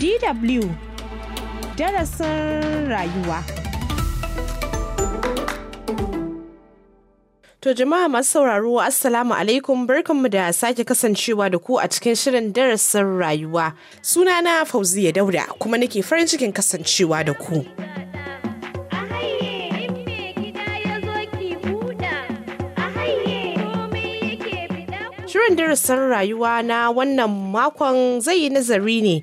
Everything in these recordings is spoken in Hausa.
DW darasin rayuwa. To jama'a masu sauraro Assalamu alaikum barkanmu da sake kasancewa da ku a cikin shirin darasin rayuwa. Sunana Fauziya Dauda kuma nake farin cikin kasancewa da ku. Shirin darasin rayuwa na wannan makon zai yi nazari ne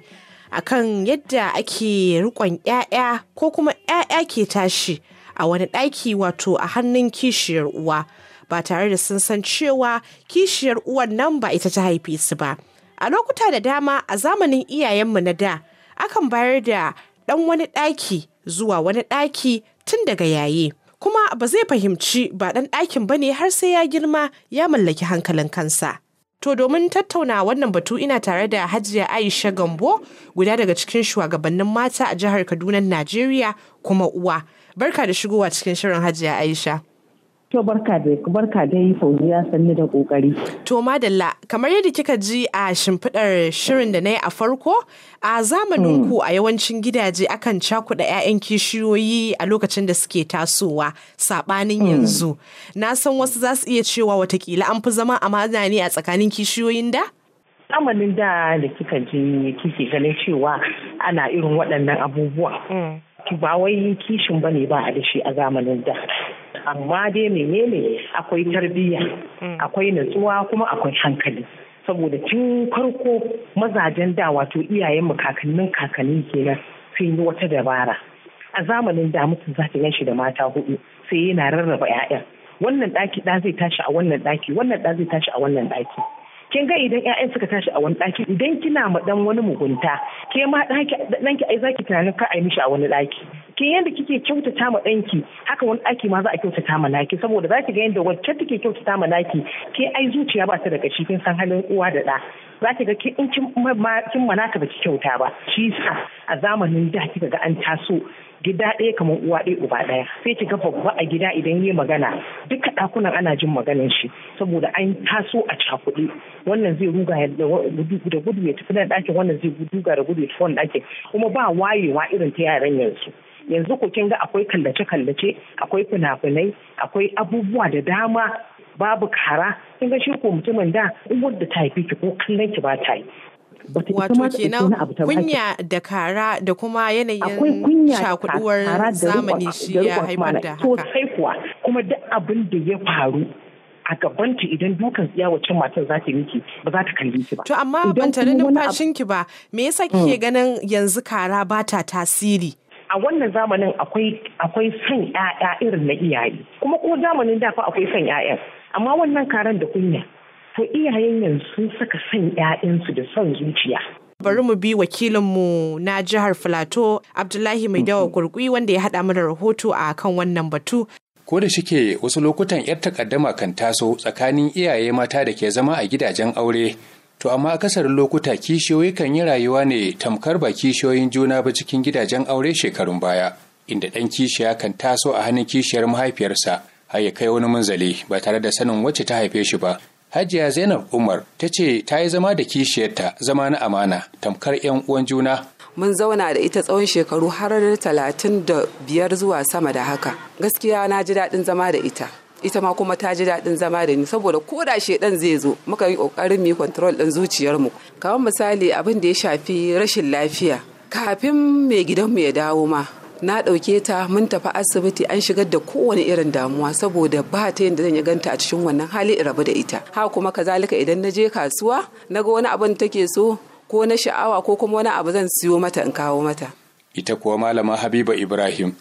akan yadda ake rikon 'ya'ya ko kuma 'ya'ya ke tashi a wani ɗaki wato a hannun kishiyar uwa ba tare da sun san cewa kishiyar uwan nan ba ita ta haife su ba a lokuta da dama a zamanin iyayenmu na da akan bayar da ɗan wani ɗaki zuwa wani ɗaki tun daga yaye kuma ba zai fahimci ba ɗan ɗakin ba ne har sai ya girma ya mallaki hankalin kansa To domin tattauna wannan batu ina tare da Hajiya Aisha Gambo guda daga cikin shugabannin mata a jihar Kaduna Najeriya kuma uwa. Barka da shigowa cikin shirin Hajiya Aisha. To barka da barka dai Fauziya sannu da kokari. To madalla kamar yadda kika ji a shimfiɗar shirin da na yi a farko a zamanin ku hmm. a yawancin gidaje akan cakuɗa 'ya'yan kishiyoyi a lokacin da suke tasowa saɓanin hmm. yanzu. Na san wasu za su iya cewa watakila an fi zama a ne a tsakanin kishiyoyin da? Zamanin da da kika ji kike ganin cewa ana irin waɗannan abubuwa. Hmm. Ba wai kishin bane ba a da shi a zamanin da. amma dai menene akwai tarbiyya hmm. akwai natsuwa kuma akwai hankali saboda tun farko mazajen da wato iyayen kakannin kakanni kenan sun yi wata dabara a zamanin da mutum za ta shi da mata hudu sai yana rarraba 'ya'yan wannan daki ɗa zai tashi a wannan daki wannan ɗa zai tashi a wannan daki. kin ga idan ƴaƴan suka tashi a wani ɗaki idan kina ma dan wani mugunta ke ma dan ɗanki ai zaki tunanin ka ai mishi a wani ɗaki kin yanda kike kyautata ma ɗanki haka wani ɗaki ma za a kyautata ma naki saboda za ki ga yanda wacce take kyautata ma naki ke ai zuciya ba ta da kashi kin san halin uwa da ɗa za ki ga in kin manaka ba ki kyauta ba shi sa a zamanin da kika ga an taso gida ɗaya kamar uwa ɗaya uba ɗaya sai ki ga babba a gida idan yi magana duka ɗakunan ana jin maganan shi saboda an taso a cakuɗe wannan zai ruga da gudu ya tafi nan ɗakin wannan zai ruga da gudu ya tafi wannan ɗakin kuma ba wayewa irin ta yaran yanzu yanzu ko kin ga akwai kallace-kallace akwai fina-finai akwai abubuwa da dama babu kara kin ga shi ko mutumin da in wanda ta haife ki ko kallon ki ba ta yi wato kenan kunya da kara da kuma yanayin shakuduwar zamani shi ya haifar da haka kuma duk abin da ya faru a gabanta idan dukan tsiya wacce matar za ta miki ba za ta kalli ki ba. To amma ban tare numfashin ki ba me yasa kike hmm. ganin yanzu kara ba ta tasiri? A wannan zamanin akwai akwai son ya'ya irin na iyaye kuma ko zamanin da fa akwai son ƴaƴan amma wannan karan da kunya. sai iyayen yanzu sun saka son 'ya'yansu da son zuciya bari mu bi wakilinmu na jihar filato abdullahi mai dawa mm-hmm. gurgui wanda ya haɗa mana rahoto a kan wannan batu ko da shike wasu lokutan 'yar takaddama kan taso tsakanin iyaye mata da ke zama a gidajen aure to amma akasarin lokuta kishiyoyi kan yi rayuwa ne tamkar ba kishiyoyin juna ba cikin gidajen aure shekarun baya inda ɗan kishiya kan taso a hannun kishiyar mahaifiyarsa har ya kai wani munzali ba tare da sanin wacce ta haife shi ba Hajiya Zainab Umar ta ce ta yi zama da kishiyarta zama na amana tamkar 'yan uwan juna. Mun zauna da ita tsawon shekaru har talatin da biyar zuwa sama da haka. Gaskiya na ji daɗin zama da ita. Ita ma kuma ta ji daɗin zama da ni saboda ko da shedan zai zo muka yi ƙoƙarin mu kontrol ɗin zuciyarmu. Kamar misali abin da ya shafi rashin lafiya. Kafin mai gidanmu ya dawo ma na ɗauke ta mun tafi asibiti an shigar da kowane irin damuwa saboda ba ta yadda zan yi ganta a cikin wannan hali in rabu da ita ha kuma kazalika idan na je kasuwa na ga wani abin take so ko na sha'awa ko kuma wani abu zan siyo mata in kawo mata ita kuwa malama habiba ibrahim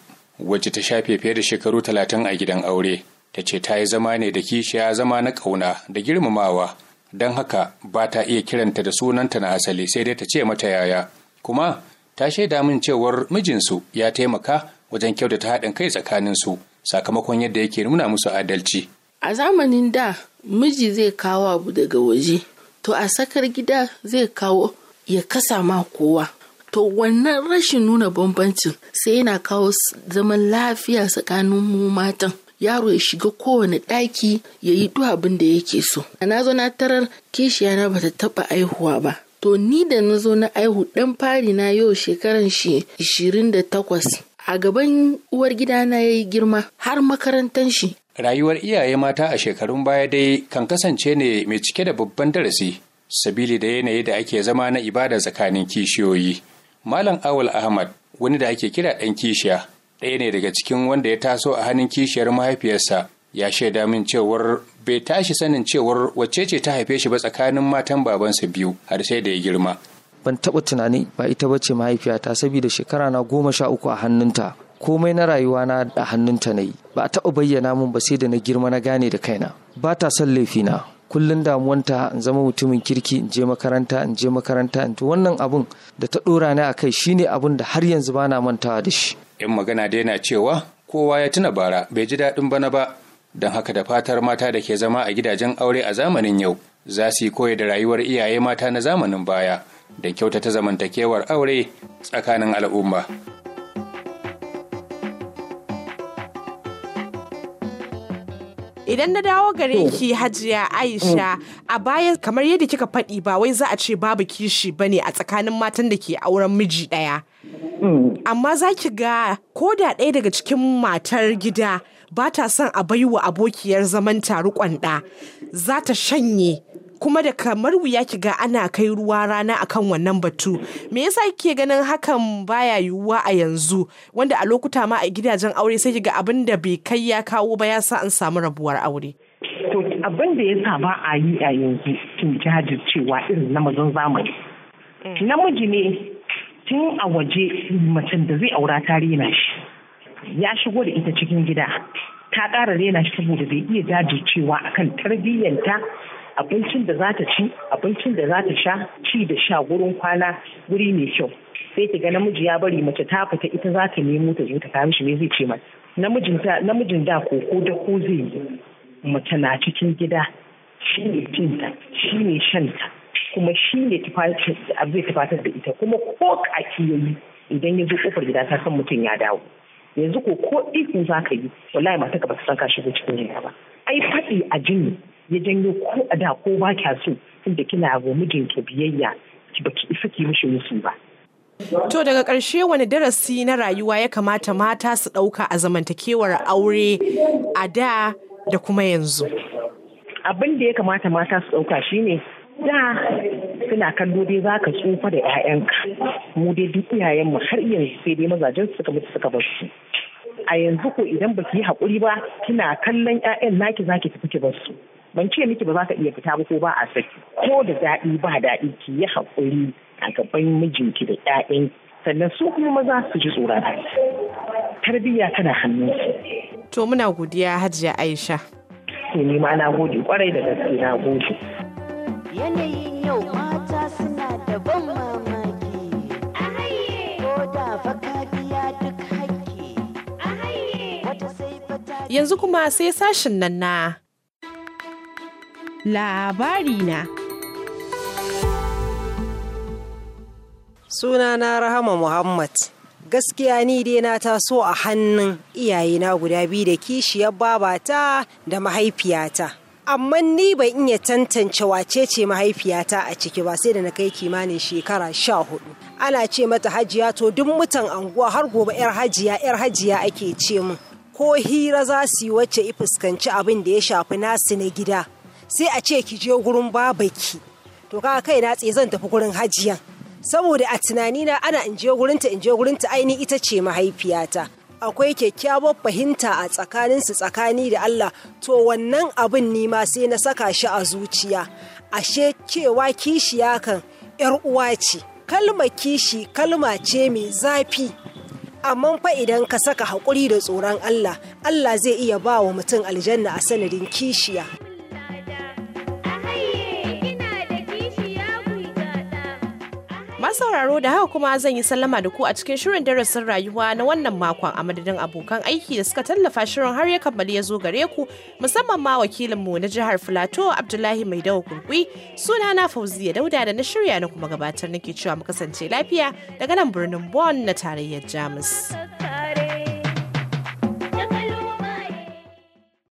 wacce ta shafe fiye da shekaru talatin a gidan aure ta ce ta yi zama ne da kishiya zama na kauna da girmamawa don haka ba ta iya kiranta da sunanta na asali sai dai ta ce mata yaya kuma ta shaida min cewar mijinsu ya taimaka wajen kyautata haɗin kai tsakaninsu sakamakon yadda yake nuna musu adalci. A zamanin da miji zai kawo abu daga waje, to a sakar gida zai kawo ya kasa ma kowa. To wannan rashin nuna bambancin sai yana kawo zaman lafiya tsakanin mu matan. Yaro ya shiga kowane ɗaki ya yi duk abin da yake so. Na zo na tarar kishiya na bata taɓa aihuwa ba. To ni da na zo na aihu ɗan fari na yau shekaran shi 28 a gaban uwar gidana ya yi girma har makarantar shi. Rayuwar iyaye mata a shekarun baya dai kan kasance ne mai cike da babban darasi sabili da yanayi da ake zama na ibada tsakanin kishiyoyi. Malam Awul Ahmad wani da ake kira ɗan kishiya ɗaya ne daga cikin wanda ya taso a hannun kishiyar mahaifiyarsa ya shaida min cewar bai tashi sanin cewar wacce ce ta haife shi ba tsakanin matan babansa biyu har sai da ya girma ban taɓa tunani ba ita bace mahaifiyata saboda shekara na goma sha uku a hannunta komai na rayuwa na a hannunta na yi ba a taɓa bayyana min ba sai da na girma na gane da kaina ba ta son laifina kullum damuwanta in zama mutumin kirki in je makaranta in je makaranta in wannan abun da ta ɗora ni akai shine abun da har yanzu bana mantawa da shi Yan magana dai na cewa kowa ya tuna bara bai ji daɗin bana ba don haka da fatar mata da ke zama a gidajen aure a zamanin yau za su yi koyi da rayuwar iyaye mata na zamanin baya da kyautata zamantakewar aure tsakanin al'umma. idan na dawo gare ki hajiya aisha mm. a baya kamar yadda kika faɗi ba wai za a ce babu kishi ba ne a tsakanin matan da ke auren miji ɗaya mm. amma za ki ga ko da ɗaya daga cikin matar gida ba ta son a baiwa abokiyar zaman taru kwanda za ta shanye kuma da kamar wuya ki ga ana kai ruwa rana akan wannan batu me yasa kike ganin hakan baya yiwuwa a yanzu wanda a lokuta ma a gidajen aure sai ki ga abin da bai kai ya kawo ba ya sa an samu rabuwar aure to abin da ya ba a yi a yanzu kin jajircewa irin na mazan zamani mm. namiji ne tun a waje macen da zai aura ta rena shi ya shigo da ita cikin gida ta ƙara rena shi saboda bai iya jajircewa akan tarbiyyanta abincin da za ta ci abincin da za ta sha ci da sha gurin kwana guri mai kyau sai ki ga namiji ya bari mace ta fita ita za ta nemo ta zo ta kawo shi me zai ce mai namijin ta namijin da koko da ko zai yi mace na cikin gida shi ne cinta shi ne shanta kuma shi ne zai tufatar da ita kuma ko kaki yi idan ya zo kofar gida ta san mutum ya dawo yanzu ko ko ikon za ka yi wallahi mata ka ba ta san ka shigo cikin gida ba ai faɗi a jini ya janyo ko a da ko ba kya so tunda kina wa mijinki biyayya ki baki isa ki mishi musu ba. To daga ƙarshe wani darasi na rayuwa ya kamata mata su ɗauka a zamantakewar aure a da da kuma yanzu. Abin da ya kamata mata su ɗauka shine da suna kallo dai za ka tsufa da 'ya'yanka mu dai duk iyayenmu har yanzu sai dai mazajen suka mutu suka bar su. a yanzu ko idan baki yi haƙuri ba kina kallon 'ya'yan naki zaki tafi ki bar su ban ce miki ba za ka iya fita ba ko ba a saki ko da daɗi ba daɗi ki yi haƙuri a gaban mijinki da ƴaƴan sannan su kuma maza su ji tsoron tarbiyya tana hannun su To muna godiya Hajiya Aisha. To ni ma na gode kwarai da gaske na gode. Yanayin yau mata suna da ban mamaki. Ko da biya duk haƙƙi. Yanzu kuma sai sashin nan na labarina. Sunana Rahama Muhammad. Gaskiya ni dai na taso a hannun iyayena guda biyu da kishiyar babata da mahaifiyata. Amma ni ban iya tantance wace ce mahaifiyata a ciki ba sai da na kai kimanin shekara sha hudu. Ana ce mata hajiya to duk mutan anguwa har gobe 'yar hajiya 'yar hajiya ake ce min. Ko hira za su yi wacce i fuskanci abin da ya shafi nasu na gida. sai a ce ki je gurin babaki to ka kai na tse zan tafi gurin hajiyan saboda a tunanina ana in je gurinta in je gurinta aini ita ce mahaifiyata akwai kyakkyawar fahimta a tsakanin su tsakani da Allah to wannan abin ni ma sai na saka shi a zuciya ashe cewa kishiya kan yar uwa ce Kalma kishi kalma ce mai zafi amma fa idan ka saka haƙuri da tsoron Allah Allah zai iya ba wa mutum aljanna a sanadin kishiya sauraro da haka kuma zan yi sallama da ku a cikin shirin darasin rayuwa na wannan makon a madadin abokan aiki da suka tallafa shirin har ya kammali ya zo gare ku musamman ma wakilinmu na jihar Filato Abdullahi Mai Dawa kurkwi suna na Fauziya Dauda da na shirya na kuma gabatar nake cewa mu kasance lafiya daga nan birnin Bonn na tarayyar Jamus.